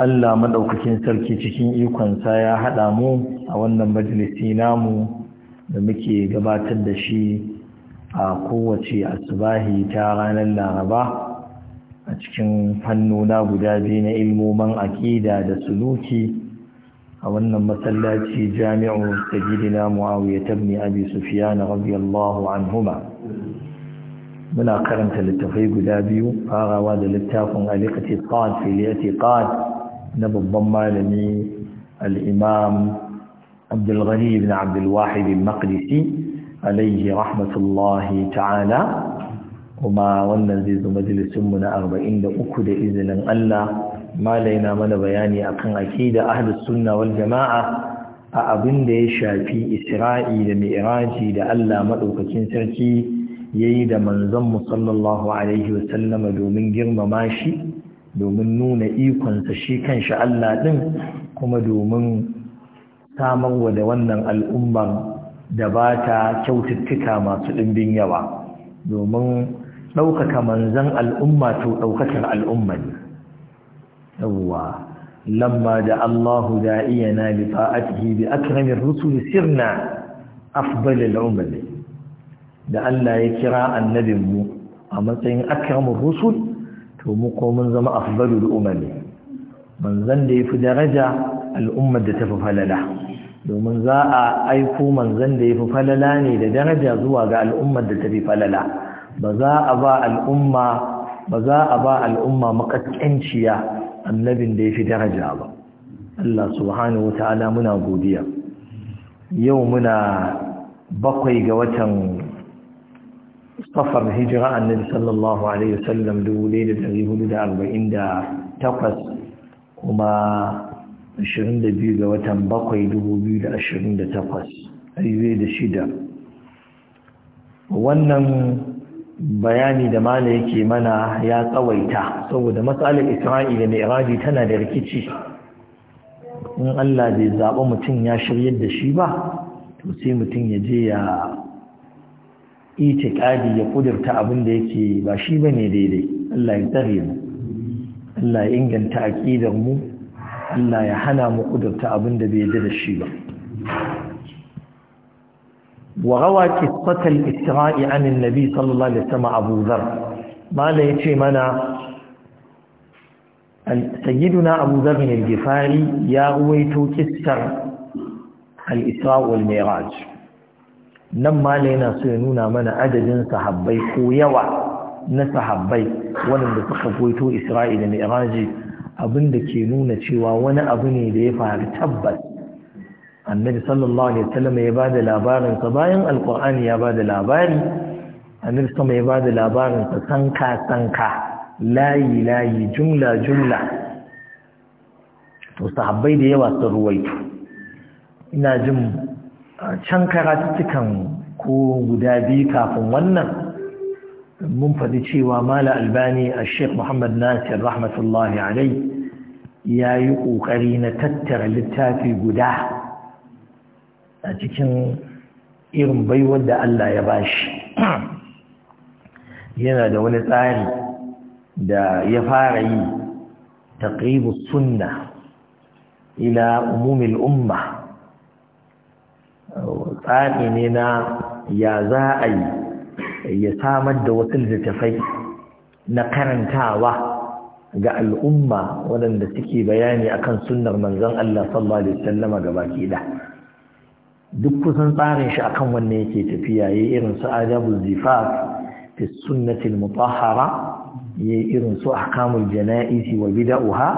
Allah maɗaukakin sarki cikin ikonsa ya haɗa mu a wannan majalisi namu da muke gabatar da shi a kowace asubahi ta ranar laraba a cikin fannuna guda biyu na ilmoman aƙida da suluki a wannan masallaci jami'u sajidina muawiya tabni abi Sufiyana radiyallahu anhuma muna karanta littafai guda biyu farawa da littafin al-iqtiqad fi al-iqtiqad na babban malami al'imam abdulghani ibn abdulwahid al-maqdisi alaihi rahmatullahi ta'ala kuma wannan zai zo majalisunmu na 43 da izinin Allah malaina mana bayani akan akida ahlus sunna wal jama'a a abin da ya shafi isra'i da mi'raji da Allah madaukakin sarki yayi da manzon mu sallallahu alaihi wasallama domin girmama shi domin nuna ikonsa shi kan Allah ɗin kuma domin samarwa da wannan al'ummar da ba ta kyaututtuka masu ɗimbin yawa domin ɗaukaka manzan al'umma to ɗaukakar al'umma ne yawwa lamma da Allahu da'iyana li fa'atihi bi akramir rusul sirna afdalil ummi da Allah ya kira annabinmu a matsayin akramur rusul to mu ko mun zama afdalul umami manzan da yafi daraja al'ummar da tafi falala domin za a aiko manzan da yafi falala ne da daraja zuwa ga al'ummar da tafi falala ba za a ba al'umma ba za a ba al'umma annabin da yafi daraja ba Allah subhanahu ta'ala muna godiya yau muna bakwai ga watan safar hijira annabi sallallahu alaihi wasallam dubu ɗaya da ɗari hudu da arba'in da takwas kuma ashirin da biyu ga watan bakwai dubu biyu da ashirin da takwas ayyuwe da shida wannan bayani da mana yake mana ya tsawaita saboda matsalar isra'ila mai iraji tana da rikici in allah bai zaɓi mutum ya shirya da shi ba to sai mutum ya je ya itikadi ya kudurta abin da yake ba shi ne daidai Allah ya tsare mu Allah ya inganta aqidar mu Allah ya hana mu kudurta abin da bai da shi ba wa rawa qissat al-isra'i an an-nabi sallallahu alaihi wasallam Abu Dharr mala yace mana sayyiduna Abu Dharr al-Ghifari ya ruwaito qissar al-Isra wal-Mi'raj nan mala yana so ya nuna mana adadin sahabbai ko yawa na sahabbai waɗanda suka goito isra'ila mai iraji abin da ke nuna cewa wani abu ne da ya faru tabbas annabi sallallahu alaihi wasallam ya ba da labarinsa bayan alkur'ani ya ba da labari annabi sama ya ba da labarinsa sanka sanka layi layi jumla jumla to sahabbai da yawa sun ruwaito ina jin can karatuttukan ko guda biyu kafin wannan mun faɗi cewa mala albani a sheikh muhammad nasir rahmatullahi alai ya yi ƙoƙari na tattara littafi guda a cikin irin baiwar da Allah ya bashi yana da wani tsari da ya fara yi taqribus sunna ila umumil umma tsari ne na ya za a yi ya samar da wasu littattafai na karantawa ga al'umma waɗanda suke bayani akan sunnar manzon Allah sallallahu alaihi wasallama gabaki da duk kusan tsarin shi akan wanne yake tafiya yi irin su adabul Zifa, fi sunnatin al ya yi irin su ahkamul jana'is wa ya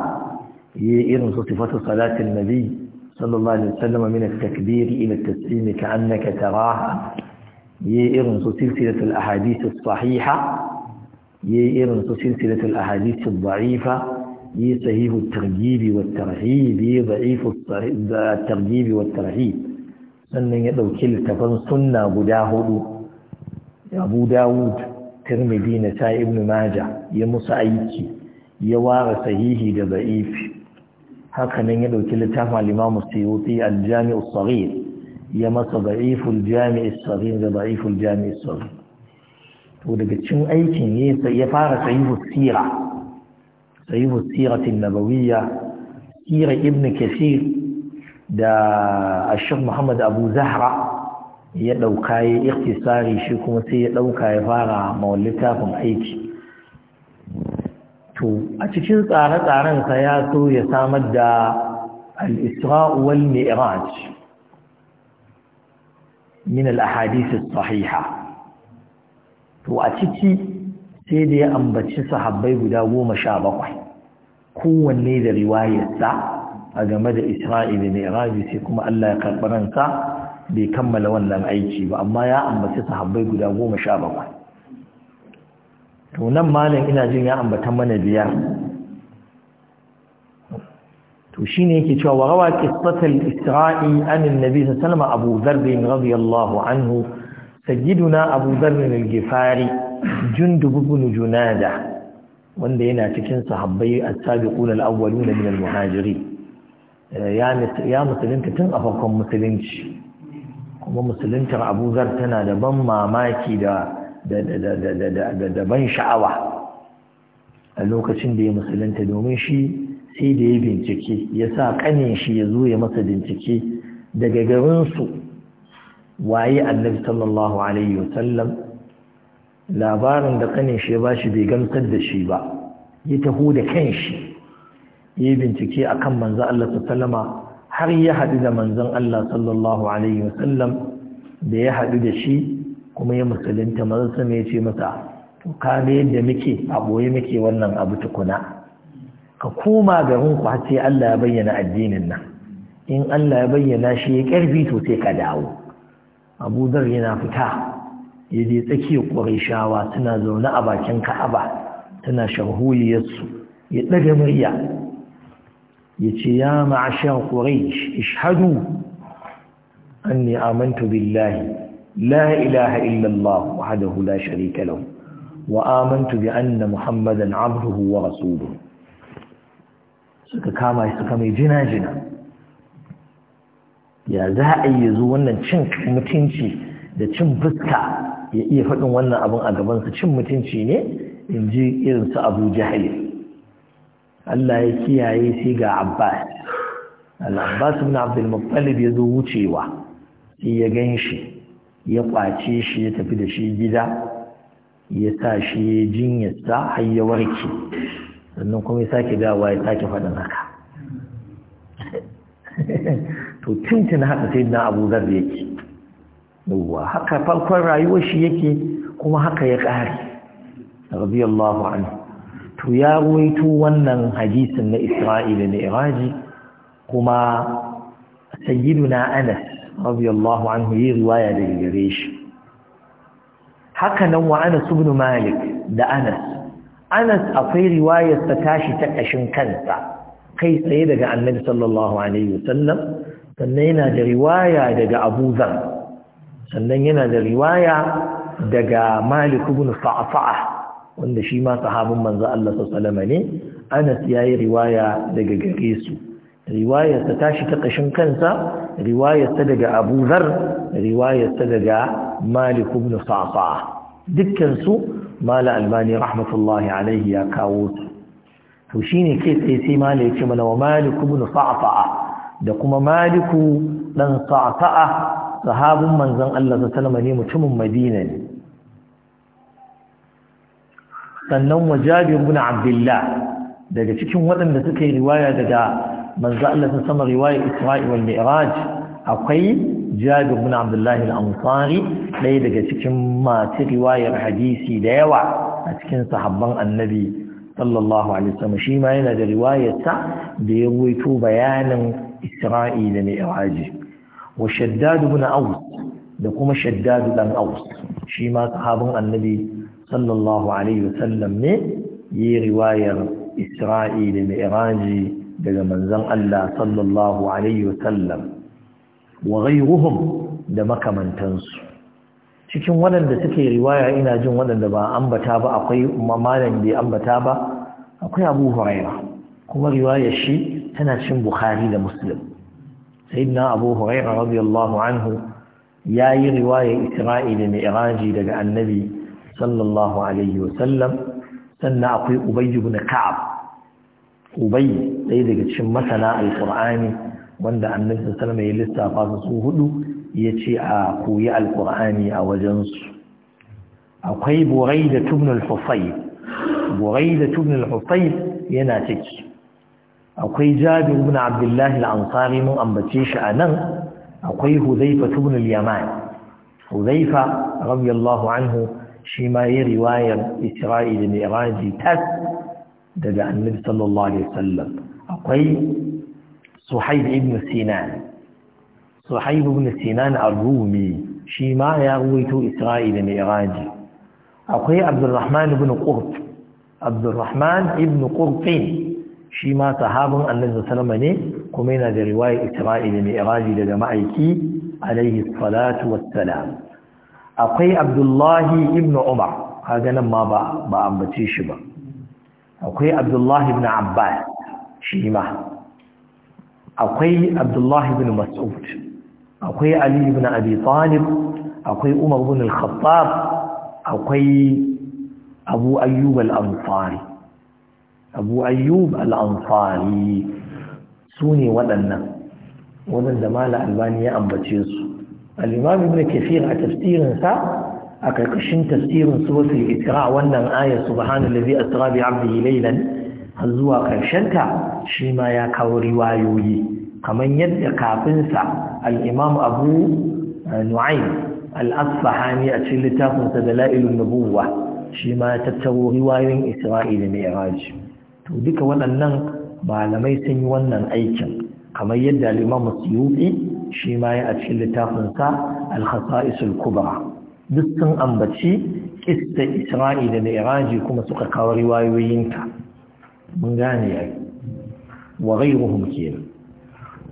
yi irin su sifatu salatin nabi صلى الله عليه وسلم من التكبير إلى التسليم كأنك تراها يئرن سلسلة الأحاديث الصحيحة يئرن سلسلة الأحاديث الضعيفة يصحيح الترجيب والترهيب ضعيف الترجيب والترهيب sannan ya ɗauki littafan sunna guda hudu abu dawud tirmidhi na sa ibn maja ya musu aiki ya ware sahihi da za'ifi haka nan ya dauki littafin al-Imam Suyuti al-Jami' as-Saghir ya masa da'if al-Jami' as-Saghir da da'if al-Jami' as-Saghir to daga cikin aikin ya fara sahihu sira sahihu sirat an-nabawiyya sira ibn Kathir da Ashir Muhammad Abu Zahra ya dauka ya ikhtisari shi kuma sai ya dauka ya fara mawallitafin aiki to a cikin tsare sa ya so ya samar da al-isra'u min al sahiha to a ciki sai da ya ambaci sahabbai guda goma sha bakwai kowanne da riwayarsa a game da isra'il da sai kuma Allah ya karɓi bai kammala wannan aiki ba amma ya ambaci sahabbai guda goma sha bakwai to nan malam ina jin ya ambatan mana biyar to shine yake cewa wa rawa qissatul isra'i an annabi sallallahu alaihi abu dharr radiyallahu anhu sayyiduna abu dharr al-ghifari jundub ibn junada wanda yana cikin sahabbai as-sabiqun al-awwalun min al-muhajiri ya musulunta tun a farkon musulunci kuma musuluntar abu zar tana da ban mamaki da da ban sha'awa a lokacin da ya musulunta domin shi sai da ya bincike ya sa kanin shi ya zo ya masa bincike daga garinsu waye annabi sallallahu alaihi wasallam labarin da kanin shi ya ba shi bai gamsar da shi ba ya taho da kan shi ya bincike a kan manzan Allah sallama har ya haɗu da manzan Allah sallallahu alaihi wasallam da ya haɗu da shi kuma ya musulunta manzo sama ya ce masa to yadda muke a ɓoye muke wannan abu tukuna ka koma garin ku har sai Allah ya bayyana addinin nan in Allah ya bayyana shi ya karfi to sai ka dawo Abu yana fita ya je tsakiyar Qurayshawa suna zaune a bakin Ka'aba tana sharhuliyar su ya daga murya Ya ce ya ma'ashar Quraysh ishhadu anni amantu billahi La لا إله إلا الله وحده لا شريك له وآمنت بأن محمدا عبده ورسوله suka kama shi suka mai jina-jina ya za a yi zo wannan cin mutunci da cin fuska ya iya faɗin wannan abin a gabansa cin mutunci ne in ji irin su abu jahil Allah ya kiyaye sai ga abbas al-abbas ibn abdul muttalib ya zo wucewa sai ya gan shi ya ƙwace shi ya tafi da shi gida ya sa shi jinyarsa har ya warke sannan kuma ya sake dawa ya sake faɗin haka to tuntun haka sai na abu zar yake yauwa haka farkon rayuwar shi yake kuma haka ya ƙare radiyallahu anhu to ya ruwaito wannan hadisin na Isra'ila na Iraji kuma sayyiduna Anas radiyallahu anhu yi riwaya daga gare shi hakanan nan wa Anas ibn Malik da Anas Anas akwai riwayar ta tashi ta kashin kanta kai tsaye daga Annabi sallallahu alaihi wasallam sannan yana da riwaya daga Abu sannan yana da riwaya daga Malik ibn Sa'fa'a wanda shi ma sahabin manza Allah sallallahu alaihi ne Anas yayi riwaya daga gare su riwayarsa tashi ta kashin kansa riwayarsa daga abu zar riwayarsa daga malik ibn safa dukkansu mala albani rahmatullahi alaihi ya kawo su to shine kai tsaye sai mala ya ce mana wa malik ibn safa da kuma maliku dan safa sahabin manzon Allah sallallahu alaihi ne mutumin madina ne sannan wa jabir ibn abdullah daga cikin waɗanda suka yi riwaya daga manzo Allah ta sama riwaya Isra'i wal Mi'raj akwai Jabir bin Abdullah al-Ansari ɗaya daga cikin masu riwayar hadisi da yawa a cikin sahabban Annabi sallallahu alaihi wasallam shi ma yana da ta da ya ruwaito bayanin Isra'i da Mi'raj wa Shaddad bin Aws da kuma Shaddad dan Aws shi ma sahabban Annabi sallallahu alaihi wasallam ne yi riwayar Isra'i da Mi'raj daga manzon Allah sallallahu alaihi wasallam wa ghayruhum da makamantansu cikin waɗanda suke riwaya ina jin waɗanda ba ambata ba akwai malam bai ambata ba akwai Abu Hurairah kuma riwayar shi tana cikin Bukhari da Muslim sayyidina Abu huraira radiyallahu anhu yayi riwayar Isra'i da Mi'raji daga Annabi sallallahu alaihi wasallam sannan akwai Ubay ibn Ka'ab ubai ɗaya daga cikin masana alƙur'ani wanda annabi sallama ya lissafa su hudu ya ce a koyi alƙur'ani a wajensu akwai burai da tubnul hufai burai da tubnul hufai yana ciki akwai jabi ibn abdullahi al-ansari mun ambace shi a nan akwai huzaifa tubnul yaman huzaifa radiyallahu anhu shi ma yi riwayar isra'il da mi'raji tas daga annabi sallallahu alaihi wasallam akwai suhaib ibn sinan suhaib ibn sinan ar-rumi shi ma ya ruwaito isra'ila ne iraji akwai abdurrahman ibn qurt abdurrahman ibn qurtin shi ma sahabin annabi sallallahu ne kuma yana da riwaya isra'ila ne iraji daga ma'aiki alaihi salatu wassalam akwai abdullahi ibn umar kaga nan ma ba ba ambace shi ba akwai abdullahi ibn abbas shi ma akwai abdullahi ibn mas'ud akwai ali ibn abi talib akwai umar ibn al-khattab akwai abu ayyub al-ansari abu ayyub al-ansari su waɗannan waɗanda Malam albani ya ambace su al-imam ibn a tafsirinsa a ƙarƙashin tasirin suratul isra wannan aya subhanallazi asra bi 'abdihi laylan har zuwa ta shi ma ya kawo riwayoyi kamar yadda kafinsa al'imam abu eh, nu'ayn al'asfahani a cikin littafinsa da la'ilun nabuwa shi ma ya tattaro riwayoyin isra'ila mai iraji to duka waɗannan malamai sun yi wannan aikin kamar yadda al'imam suyuti shi ma ya a cikin littafinsa al-khasa'isul kubra duk sun ambaci kista isra'i da mi'raji kuma suka kawo riwayoyinta mun gane yi wa ghayruhum kenan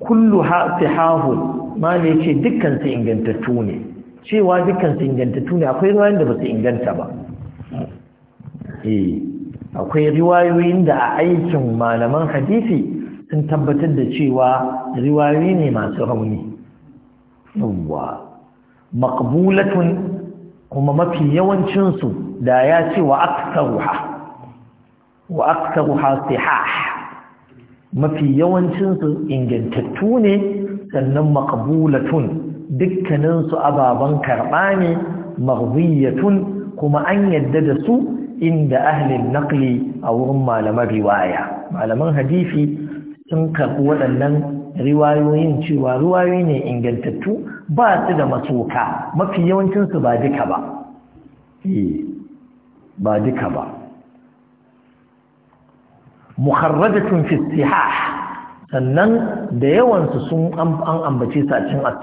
kullu haɗe sihahun ma ne ce dukkansu ingantattu ne cewa dukkansu ingantattu ne akwai riwayoyin da ba su inganta ba eh, akwai riwayoyin da a aikin malaman hadisi sun tabbatar da cewa riwayoyi ne masu rauni yawwa maqbulatun kuma mafi yawancinsu da ya ce wa aksaruha wa aksaruha sihah mafi yawancinsu ingantattu ne sannan maqbulatun dukkaninsu ababen karɓa ne maghdiyatun kuma an yadda da su inda ahlin naqli a wurin malaman riwaya malaman hadisi sun karɓi waɗannan riwayoyin cewa riwayoyi ne ingantattu ba su da masoka mafi yawancinsu ba duka ba eh, ba duka ba muharrajatun fi sannan da yawansu sun an ambace su a cin as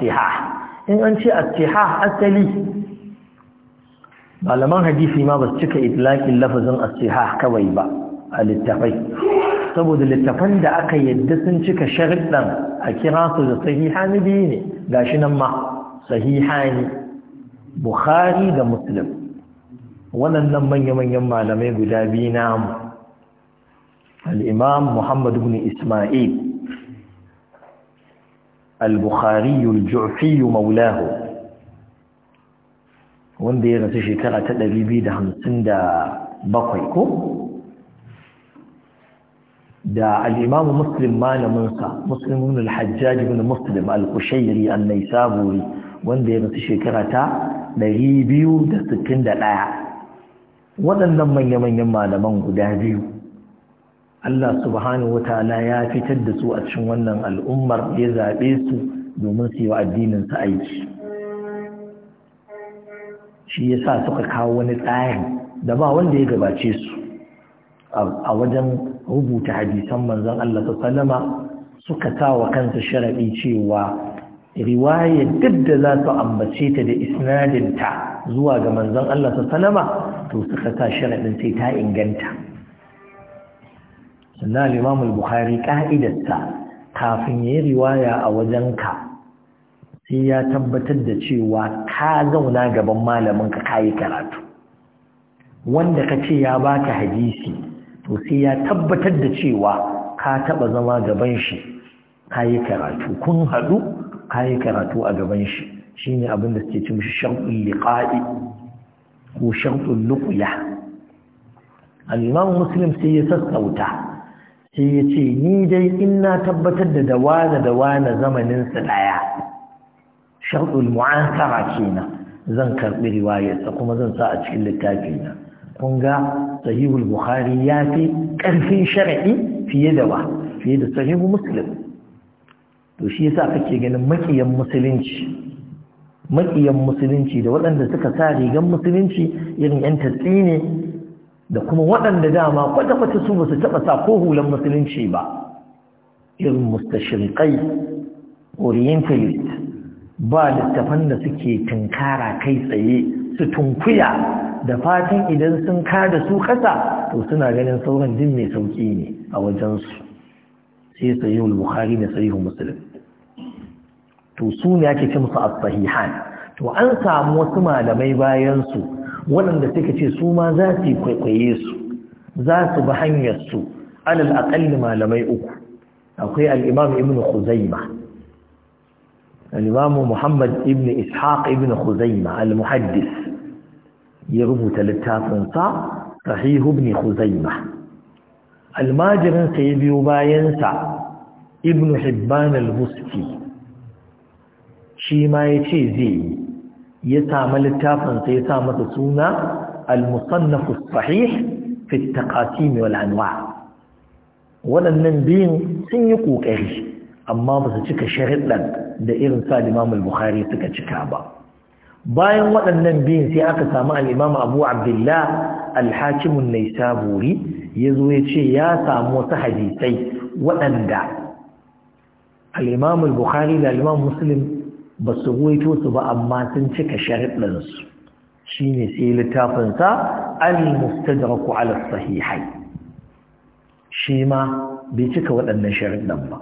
in an ce as asali malaman hadisi ma ba su cika idlakin lafazin as kawai ba a littafai saboda littafan da aka yadda sun cika sharuɗan a kira su da sahihani biyu ne gashi nan ma sahihani bukhari da muslim waɗannan manya-manyan malamai guda biyu namu al'imam muhammad ibn ismail al-bukhari al-ju'fi maulahu wanda ya rasu shekara ta 257 ko da al'imamu muslim malaminsa muslimin al-hajjaji bin muslim al-kushairi annai saburi wanda ya rasu shekara ta 261 waɗannan manya-manyan malaman guda biyu Allah subhanahu wa ta'ala ya fitar da su a cikin wannan al'ummar ya zaɓe su domin su yi wa addininsa aiki shi ya sa suka kawo wani tsarin, da ba wanda ya gabace su a wajen rubuta hadisan manzon Allah sallama suka tawa kansa sharaɗi cewa riwaya duk da za su ambace ta da isnadinta zuwa ga manzon Allah sallama to suka sa sharaɗin sai ta inganta sannan Limamul bukhari ka'idarsa kafin yayi riwaya a wajenka sai ya tabbatar da cewa ka zauna gaban malamin ka kayi karatu wanda ka ce ya baka hadisi to sai ya tabbatar da cewa ka taba zama gaban shi ka yi karatu kun haɗu ka yi karatu a gaban shi shine abin da suke cin sharɗin liqa'i ko sharɗin luqya al-imam muslim sai ya sassauta sai ya ce ni dai in na tabbatar da dawana dawana zamaninsa daya sharɗul mu'asara kenan zan karɓi riwayarsa kuma zan sa a cikin littafi na kun ga sahihul bukhari ya fi ƙarfin shari'i fiye da ba fiye da sahihul muslim to shi yasa kake ganin makiyan musulunci makiyan musulunci da waɗanda suka sa rigan musulunci irin yan tatsi ne da kuma waɗanda dama kwata-kwata su basu taɓa sa ko hulan musulunci ba irin mustashirkai orientalist ba littafan da suke tunkara kai tsaye su tunkuya da fatan idan sun kada su kasa to suna ganin sauran din mai sauki ne a wajensu sai sahihul bukhari da sahihul muslim to su ne ake ce musu as-sahihan to an samu wasu malamai bayan su waɗanda suka ce su ma za su kwaikwaye su za su bi hanyar su alal aqall malamai uku akwai al-imam ibn khuzaimah al-imam muhammad ibn ishaq ibn khuzaima al-muhaddis ya rubuta littafinsa sahihu ibn khuzaimah almajirin sa ya biyo bayansa ibn hibban al-busti shi ma ya ce zai ya samu littafinsa ya sa masa suna al-musannaf as-sahih fi at-taqasim wal anwa' waɗannan biyun sun yi ƙoƙari amma ba su cika sharaɗin da irin sa Imam al-Bukhari suka cika ba bayan waɗannan biyun sai aka samu al'imam abu abdullah alhakimun nai saburi ya zo ya ce ya samu wasu hadisai waɗanda al'imam bukhari da al'imam muslim ba su ruwaito su ba amma sun cika sharaɗinsu shi ne sai littafinsa al raku ala sahihai shi ma bai cika waɗannan sharaɗin ba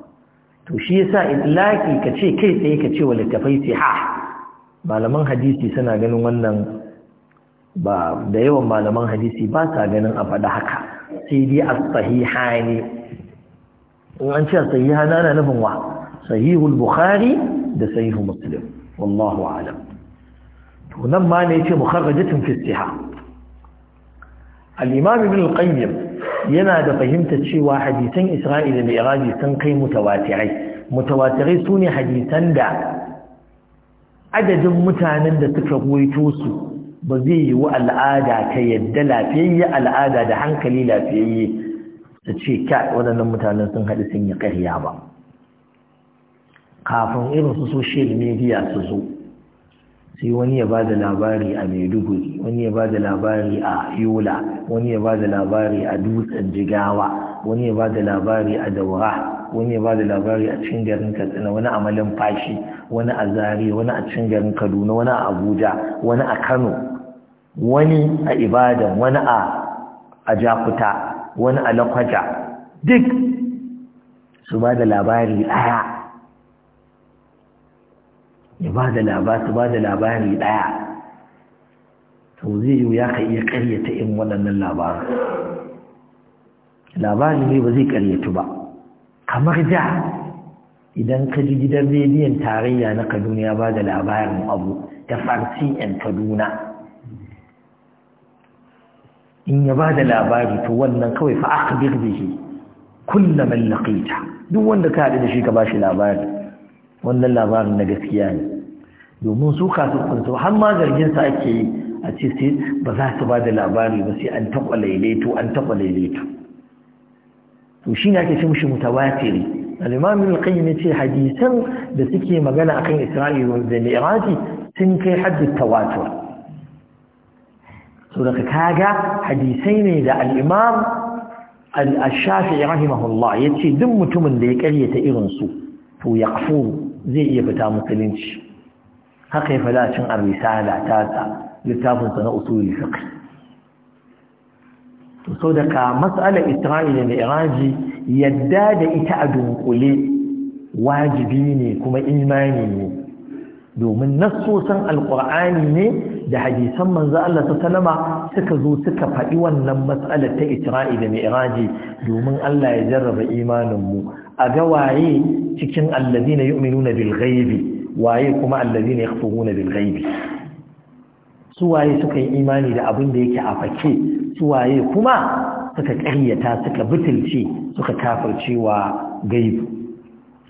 to shi yasa itlaki ka ce kai tsaye ka ce wa littafai sihah malaman hadisi suna ganin wannan ba da yawan malaman hadisi ba sa ganin a faɗa haka sai dai as-sahiha ne in an ce sahiha na na nufin wa sahihul bukhari da sahihu muslim wallahu alam to nan ma ne yace mukharrajatun fi siha al-imam ibn al-qayyim yana da fahimta cewa hadisan isra'ila da iraji sun kai mutawatirai mutawatirai sune hadisan da adadin mutanen da suka goyito su ba zai yi wa al'ada ta yadda lafiyayye al'ada da hankali lafiyayye ta ce kya waɗannan mutanen sun haɗu sun yi ƙarya ba kafin irin su social media su zo sai wani ya ba da labari a maiduguri wani ya ba da labari a yola wani ya ba da labari a dutsen jigawa wani ya ba da labari a daura wani ya ba da labari a cikin garin katsina wani amalin fashi wani a zari wani a cin garin kaduna wani a abuja wani a kano wani a ibadan wani a Jakuta wani a lakwaja duk su ba da labari daya ya ba da labari ba da labari to zai yi ya ka iya karyata in waɗannan labarin labari ne ba zai karyatu ba kamar da idan ka ji gidan rediyon tarayya na kaduna ya ba da labarin abu da farsi yan kaduna in ya ba da labari to wannan kawai fa aka shi kulla mallakita duk wanda ka haɗu da shi ka ba shi labari wannan labarin na gaskiya ne domin su kasu kunsu har ma zargin sa ake yi a ce sai ba za su ba da labari ba sai an taɓa laileto an taɓa laileto to shi ne ake ce mushi mutawatiri al-imam al yace hadisan da suke magana akan isra'i da mi'raji sun kai haddi tawatur so daga kaga hadisai ne da al-imam al ya ce yace duk mutumin da ya karyata irin su to zai iya fita musulunci haka ya a cin ar-risala ta ta littafinsa na usulul fiqh to so daga mas'alar isra'i da mi'raji yadda da ita a dunkule wajibi ne kuma imani ne domin nassosan alƙur'ani ne da hadisan manzo Allah ta salama suka zo suka faɗi wannan matsalar ta itra'i da mi'raji domin Allah ya jarraba imanin mu a ga waye cikin allazina yu'minuna bil ghaibi waye kuma allazina yakhfuruna bil ghaibi su waye suka yi imani da abin da yake a fake su waye kuma suka ƙaryata suka bitilce suka kafirce wa gaibu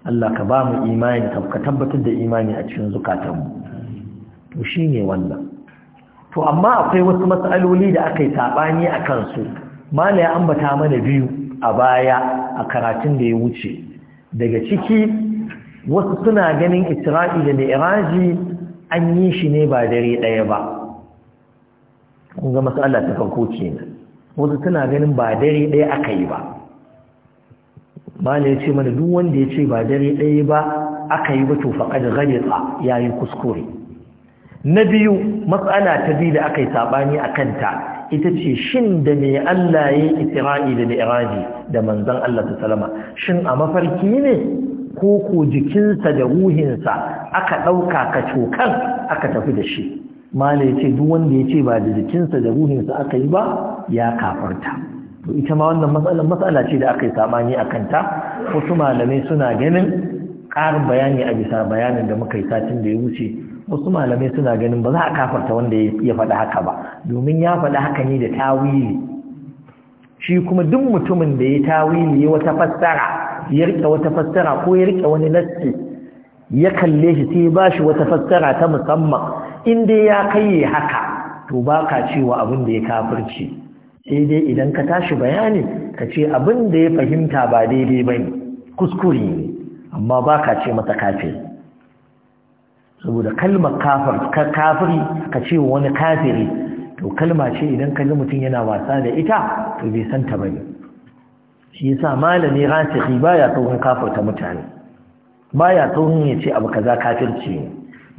Allah ka ba mu imani ka tabbatar da imani a cikin zukatanmu to shi ne wannan to amma akwai wasu matsaloli da aka yi saɓani a kansu mala ya ambata mana biyu a baya a karatun da ya wuce daga ciki wasu suna ganin isra'i da mi'raji an yi shi ne ba dare ɗaya ba kun ga matsala ta farko kenan wasu tana ganin ba dare ɗaya aka yi ba mala ya ce mana duk wanda ya ce ba dare ɗaya ba aka yi ba to da ghalita ya yi kuskure na biyu matsala ta biyu da aka yi saɓani a kanta ita ce shin da me Allah ya yi isra'i da mi'raji da manzon Allah ta salama shin a mafarki ne ko ko jikinsa da ruhinsa aka ɗauka ka cokan aka tafi da shi mala ce duk wanda ya ce ba da jikinsa da ruhinsa aka yi ba ya kafarta to ita ma wannan matsalan matsala ce da aka yi sabani akan ta wasu malamai suna ganin ƙarin bayani a bisa bayanin da muka yi satin da ya wuce wasu malamai suna ganin ba za a kafarta wanda ya faɗi haka ba domin ya faɗi haka ne da tawili shi kuma duk mutumin da ya tawili ya wata fassara ya rike wata fassara ko ya rike wani nassi ya kalle shi sai ya bashi wata fassara ta musamman in dai ya kaiye haka to ba ka cewa abin da ya kafirci sai dai idan ka tashi bayani ka ce abin da ya fahimta ba daidai ba kuskure ne amma ba ka ce mata kafiri saboda kalmar kafir kafiri ka ce wani kafiri to kalma ce idan ka ji mutum yana wasa da ita to bai san ta bane shi yasa malami ba baya tsohon kafirta mutane baya tsohon ya ce abu kaza kafirci ne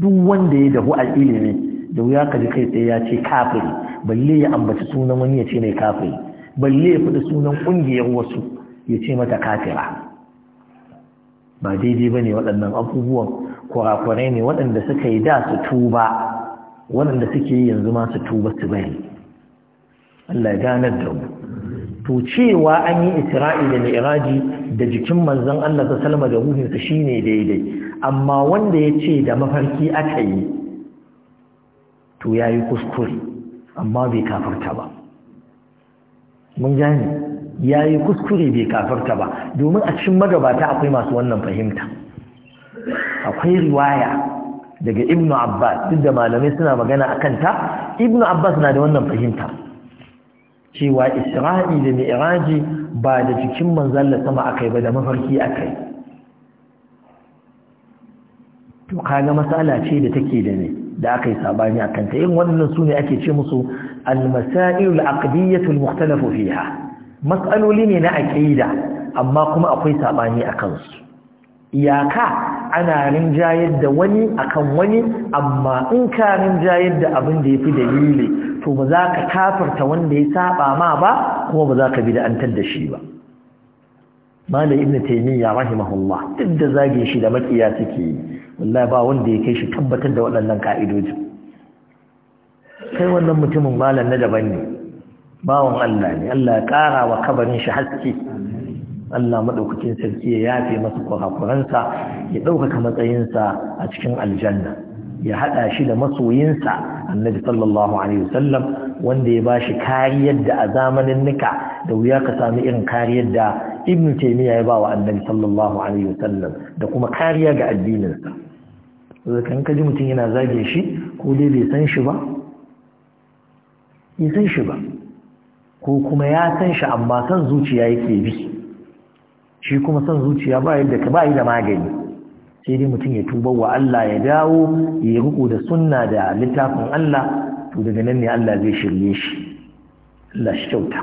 duk wanda ya dahu a ilimi da wuya ka ji kai tsaye ya ce kafiri balle ya ambaci sunan wani ya ce mai kafiri balle ya faɗi sunan kungiyar wasu ya ce mata kafira ba daidai ba ne waɗannan abubuwan kurakurai ne waɗanda suka yi da su tuba waɗanda suke yi yanzu ma su tuba su bari Allah ya ganar da mu to cewa an yi isra'i da mi'raji da jikin manzon Allah ta salama da ruhinsa shine daidai amma wanda ya ce da mafarki aka yi to ya yi kuskure amma bai kafarta ba mun gani ya yi kuskure bai kafarta ba domin a cikin magabata akwai masu wannan fahimta akwai riwaya daga ibnu abbas duk da malamai suna magana a kanta ibnu abbas na da wannan fahimta cewa isra'i da mi'raji ba da jikin manzon sama sama akai ba da mafarki akai to kaga masala ce da take da ne da aka yi sabani a kanta yin wannan su ne ake ce musu almasailul aqdiyatul mukhtalafu fiha matsaloli ne na aqida amma kuma akwai sabani a kansu iyaka ana rinjayar da wani akan wani amma in ka rinjayar da abin da yafi dalili to ba za ka kafirta wanda ya saba ma ba kuma ba za ka bi da antar da shi ba malam ibnu taymiya rahimahullah duk da zage shi da makiya take yi wallahi ba wanda ya kai shi tabbatar da waɗannan ka'idoji kai wannan mutumin malam na daban ne bawon Allah ne Allah ya kara wa kabarin shi haske Allah madaukakin sarki ya yafe masa sa ya ɗaukaka matsayinsa a cikin aljanna ya haɗa shi da masoyinsa annabi sallallahu alaihi wasallam wanda ya bashi kariyar da a zamanin nika da wuya ka sami irin kariyar da ibn taymiya ya ba wa annabi sallallahu alaihi wasallam da kuma kariya ga addininsa kan kaji mutum yana zage shi ko dai bai san shi ba bai san shi ba ko kuma ya san shi amma san zuciya yake bi shi kuma san zuciya ba yadda ka ba da magani sai dai mutum ya tuba wa Allah ya dawo ya riko da sunna da littafin Allah to daga nan ne Allah zai shirye shi Allah shi kyauta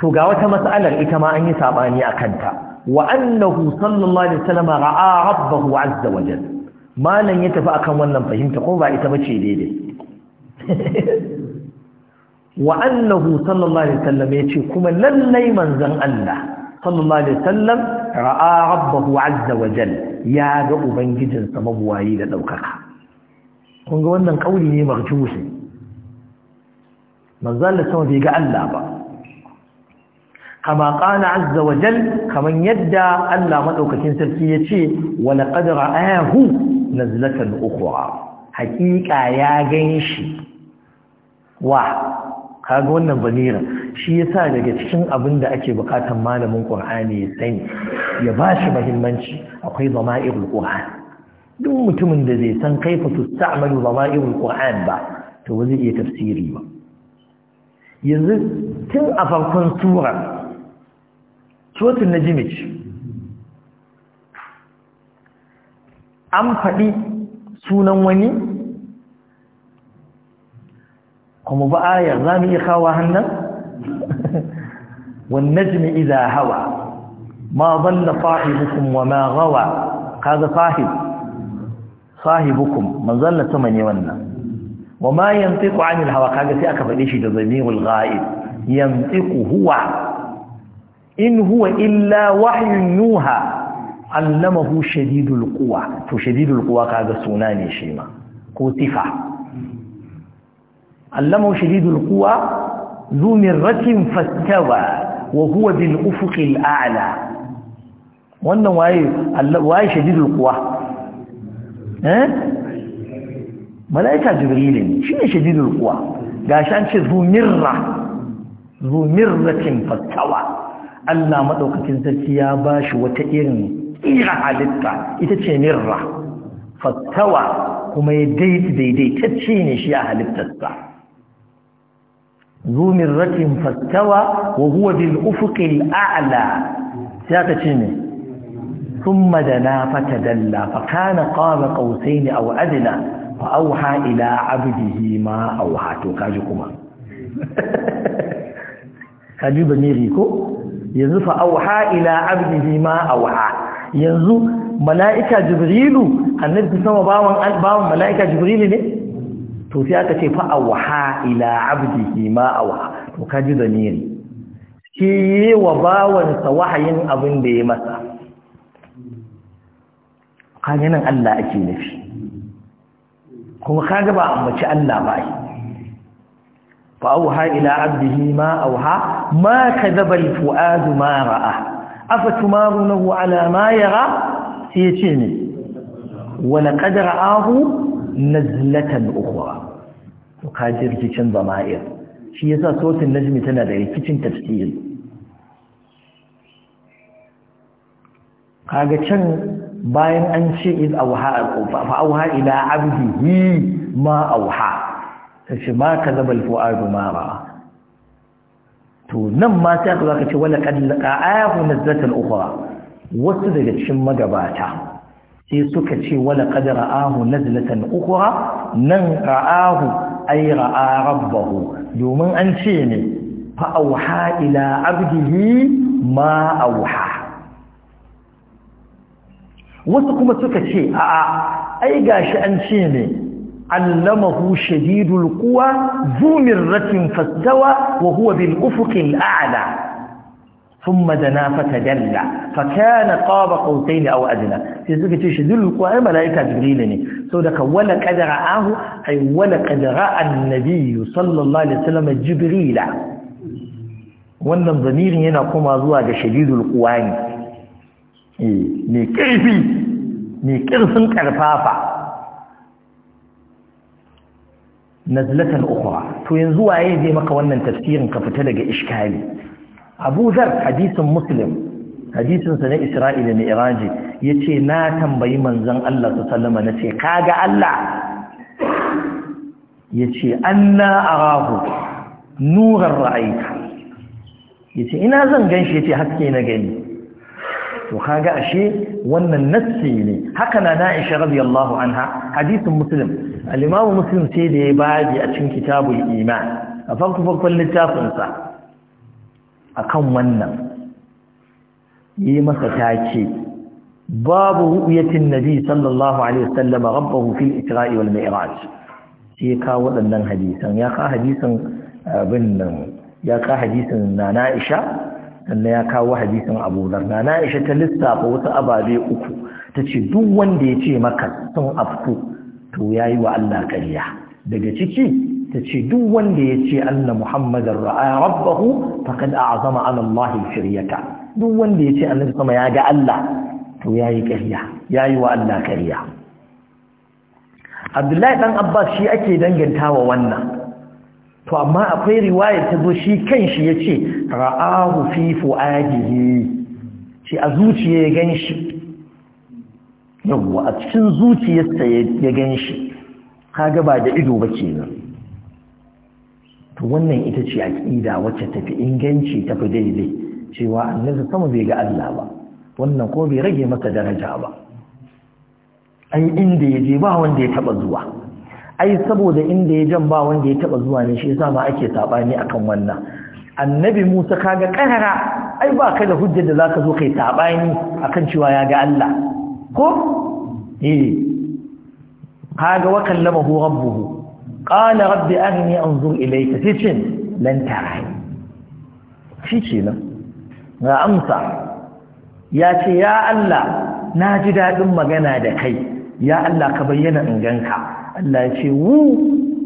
to ga wata mas'alar ita ma an yi sabani a kanta wa annahu sallallahu alaihi wasallam ra'a rabbahu azza wa jalla malan ya tafi akan wannan fahimta ko ba ita bace daidai wa annahu sallallahu alaihi wasallam yace kuma lallai manzon Allah sallallahu alaihi wasallam ra'a rabbahu azza wa jalla ya ga ubangijinsa mabuwayi da daukaka kun ga wannan kauli ne marjuhi manzon Allah sama bai ga Allah ba kama qala azza wa jal kaman yadda Allah madaukakin sarki yace wa laqad ra'ahu nazlatan ukhra haqiqa ya ganshi wa kaga wannan banira shi yasa daga cikin abin da ake bukatan malamin qur'ani ya sani ya bashi muhimmanci akwai zama'irul qur'an duk mutumin da zai san kaifa tusta'malu zama'irul qur'an ba to ba zai iya tafsiri ba yanzu tun a farkon sura suratul najm ام فدي faɗi وني wani kuma ba ayar za mu iya kawo hannun والنجم إذا هوى ما ضل صاحبكم وما غوى هذا صاحب صاحبكم من ظل ثمن يونا وما ينطق عن الهوى هذا سيأكف ليش ضمير الغائب ينطق هو in huwa illa wahyun nuha allamahu shadidul quwa to shadidul quwa kaga suna ne shi ma ko sifa allamahu shadidul quwa zu mirratin fastawa wa huwa bil ufuqil a'la wannan waye waye shadidul quwa eh malaika jibril ne shi ne shadidul quwa gashi an ce zu mirra fastawa Allah maɗaukakin sarki ya ba shi wata irin ƙira halitta ita ce mirra fattawa kuma ya daidai daidai ta ce ne shi a halittarsa zo rakin fattawa wa huwa Aala ufuqil a'la ya ta ce ne thumma dana fatadalla fa kana qaba qawsayn aw adna fa awha ila 'abdihi ma awha to kaji kuma kaji ba ko yanzu fa auha ila abdihi ma auha yanzu mala'ika jibrilu annabi sama bawan bawan mala'ika jibrilu ne to sai aka ce fa auha ila abdihi ma auha to kaji zamiri shi yi wa bawansa wahayin abin da ya masa kaga nan Allah ake nufi kuma kaga ba ambaci Allah ba fa auha ila abdihi ma auha ma kadhaba al fuad ma ra'a afa tumarunahu ala ma yara sai yace ne wa laqad ra'ahu nazlatan ukhra to kajir cikin zama'ir shi yasa sotin najmi tana da rikicin tafsir kaga can bayan an ce iz auha fa auha ila abdihi ma auha sai ma ka zaba alfu'adu ma ba to nan ma sai ka zaka ce wala qad laqa'ahu nazatan ukhra wasu daga cikin magabata sai suka ce wala qad ra'ahu nazlatan ukhra nan ra'ahu ay ra'a rabbahu domin an ce ne fa ila abdihi ma wasu kuma suka ce a'a ai gashi an ce ne allamahu shadidul quwa zumirratin fastawa wa huwa bil ufuqil a'la thumma dana fatajalla fa kana qaba qawtayn aw Sai suka ce shadidul quwa ay malaika jibril ne so daga wala qadara ahu ay wala qadara annabi sallallahu alaihi wasallam jibril wannan zamirin yana koma zuwa da shadidul quwa ne eh ne kirfin karfafa nazlatan ukhra to yanzu waye zai maka wannan tafsirin ka fita daga iskali Abu Zar hadisin Muslim hadisin sa na Isra'ila ne Iraji yace na tambayi manzon Allah sallallahu alaihi nace kaga Allah yace anna arahu nuran ra'ayta yace ina zan ganshi yace haske na gani to kaga ashe wannan nassi ne haka na Aisha radiyallahu anha hadisin Muslim al-Imam sai da ya baji a cikin kitabul iman a farko farkon littafin sa akan wannan yi masa take babu ru'yatin nabi sallallahu alaihi wasallam rabbahu fil isra'i wal mi'raj sai ka waɗannan hadisan ya ka hadisin abin na Aisha sannan ya kawo hadisin abu zarna na isha ta lissafa wasu ababe uku ta ce duk wanda ya ce maka sun afku to ya yi wa Allah ƙarya daga ciki ta ce duk wanda ya ce anna muhammadar ra'a rabbahu a a'zama ala Allah shiryata duk wanda ya ce annabi sama ya ga Allah to ya yi ƙarya ya yi wa Allah ƙarya Abdullahi ɗan Abbas shi ake dangantawa wannan to amma akwai riwaya ta zo shi kanshi ya ce ra'ahu fi fu'adihi shi a zuciya ya gan shi a cikin zuciyarsa ya ganshi. shi kaga ba da ido ba kenan to wannan ita ce aqida wacce tafi inganci tafi daidai cewa annabi sama bai ga Allah ba wannan ko bai rage masa daraja ba ai inda yaje ba wanda ya taba zuwa ai saboda inda ya jan ba wanda ya taba zuwa ne shi yasa ma ake sabani akan wannan annabi Musa kaga karara ai ba ka da hujjar da zaka zo kai sabani akan cewa ya ga Allah ko eh kaga wa kallamahu rabbuhu qala rabbi arini anzur ilayka sicin lan tarai shi kenan ga amsa ya ce ya Allah na ji dadin magana da kai ya Allah ka bayyana in ganka Allah ya ce wu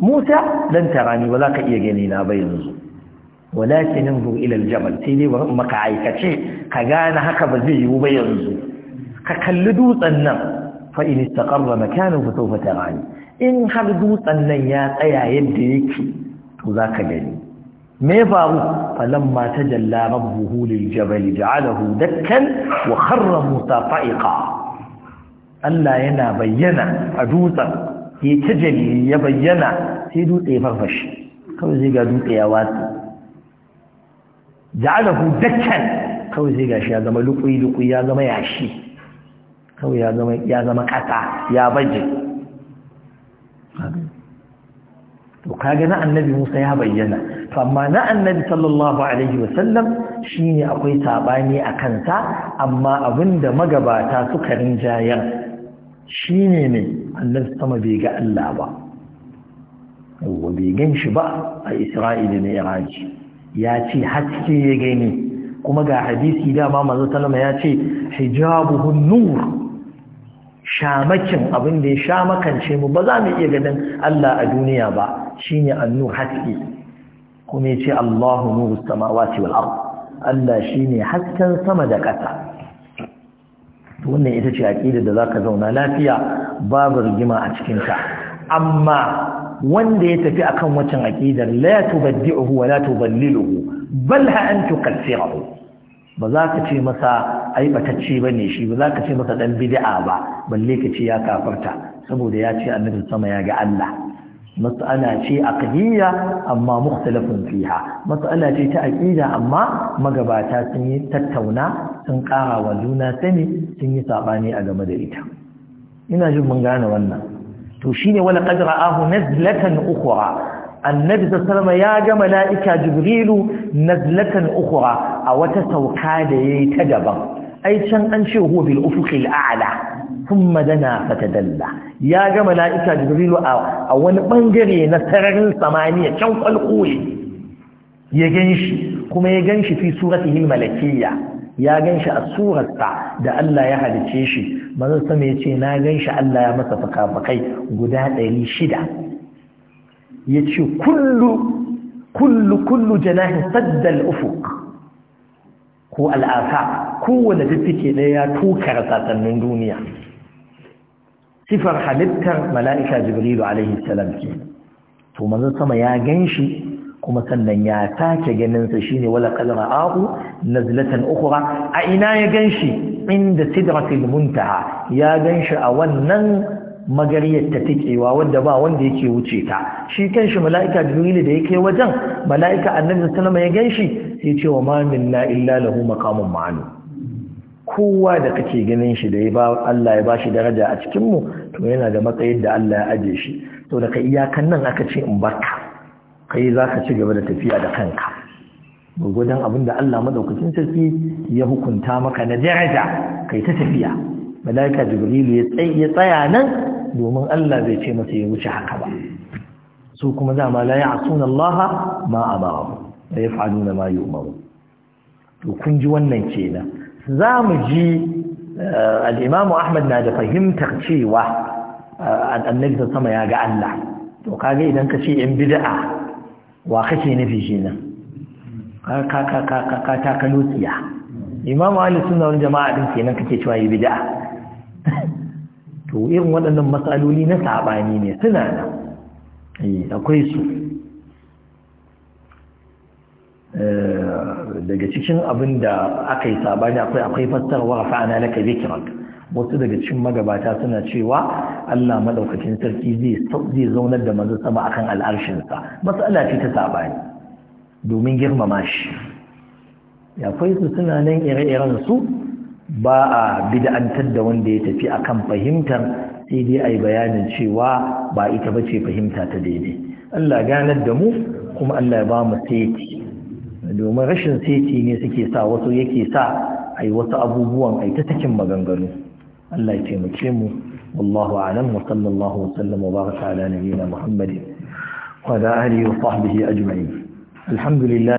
Musa dan tarani ba za ka iya gani na ba yanzu walakin inzur ila aljabal sai dai bari maka aikace ka gane haka ba zai yiwu ba yanzu ka kalli dutsen nan fa in istaqarra makanahu sawfa tarani in har dutsen nan ya tsaya yadda yake to za ka gani me faru falamma tajalla rabbuhu liljabali ja'alahu dakkan wa kharra musa fa'iqa Allah yana bayyana a dutsen yi ta jali ya bayyana sai dutse ya farfashe kawai zai ga dutse ya ja'ala ja'alahu dakkan kawai zai gashi ya zama lukui lukui ya zama yashi kawai ya zama ya zama kasa ya baje to kaga na annabi Musa ya bayyana to amma na annabi sallallahu alaihi wa sallam shine akwai sabani akan sa amma abinda magabata suka rinjayar shi ne ne annabi sama bai ga Allah ba yawwa bai gan shi ba a isra'ila na iraji ya ce haske ya gani kuma ga hadisi dama manzo sallama ya ce hijabuhun nur shamakin abin da ya shamakance mu ba za mu iya ganin Allah a duniya ba shine annur haske kuma ya ce Allahu nuru samawati wal ard Allah shine hasken sama da ƙasa wannan ita ce aƙida da za ka zauna lafiya babu rigima a cikinta amma wanda ya tafi akan waccan aƙidar la tubaddi'uhu wa la tuballiluhu bal ha an tukaffirahu ba za ka ce masa ai batacce bane shi ba za ka ce masa dan bid'a ba balle ka ce ya kafarta saboda ya ce annabi sama ya ga Allah mas'ala ce aqdiyya amma mukhtalafun fiha mas'ala ce ta aqida amma magabata sun yi tattauna sun ƙara wa juna sani sun yi sabani a game da ita ina jin mun gane wannan to shine wala qad ra'ahu nazlatan ukhra annabi sallama ya ga mala'ika jibrilu nazlatan ukhra a wata sauka da yayi ta daban ai can an ce huwa bil ufuqil a'la ثم دنا فتدلى يا جماعة ملائكة جبريل a wani bangare na sararin samaniya can kwalkuli ya ganshi kuma ya ganshi fi suratihi malakiyya ya ganshi a surarsa da Allah ya halice shi manzo sama yace na ganshi Allah ya masa fakafakai guda ɗari Ya yace kullu kullu kullu janahi sadda al ko al-afaq kowanne ɗaya ya tuka sasannin duniya sifar halittar mala'ika jibrilu alaihi salam ke to manzo sama ya ganshi kuma sannan ya take ganin sa shine wala qalra ahu nazlatan ukura a ina ya ganshi inda sidratil muntaha ya ganshi a wannan magariyar ta tikewa wanda ba wanda yake wuce ta shi kanshi mala'ika jibrilu da yake wajen mala'ika annabi sallallahu alaihi ya ganshi sai cewa ce wa ma minna illa lahu maqamun kowa da kake ganin shi da ya ba Allah ya bashi daraja a cikin mu to yana da matsayin da Allah ya aje shi to daga iyakan nan aka ce in barka kai zaka ci gaba da tafiya da kanka gurgudan abin da Allah madaukakin sarki ya hukunta maka na daraja kai ta tafiya malaika jibrilu ya tsaya ya tsaya nan domin Allah bai ce masa ya wuce haka ba su kuma dama la ya'suna Allah ma amara wa yaf'aluna ma yu'maru to kun ji wannan kenan za mu ji eh, al'imamu ahmad na da fahimtar cewa eh, annabi ta sama ya ga Allah to kaga idan ka ce ‘yan bida'a wa kake nufi shi nan ka takalo tsiya imamu halittun na wani jama'a ɗin kenan kake cewa yi bida'a to irin waɗannan matsaloli na saɓani ne suna nan eh, akwai su Eh, daga cikin abin da aka yi sabani akwai akwai fassarwa rafa'ana laka zikrak wasu daga cikin magabata suna cewa Allah maɗaukacin sarki zai zaunar da manzo sama akan al'arshin matsala mas'ala ce ta sabani domin girmama shi akwai su suna nan ire-iren su ba a bid'antar da wanda ya tafi akan fahimtar sai dai yi bayanin cewa ba ita bace fahimta ta daidai Allah ganar da mu kuma Allah ya ba mu saiti domin rashin seti ne suke sa wasu yake sa ai wasu abubuwan a ta cikin maganganu Allah ya taimake mu wallahu a'lam wa sallallahu wa sallama wa baraka ala nabiyyina muhammadin wa ala alihi wa sahbihi ajma'in alhamdulillah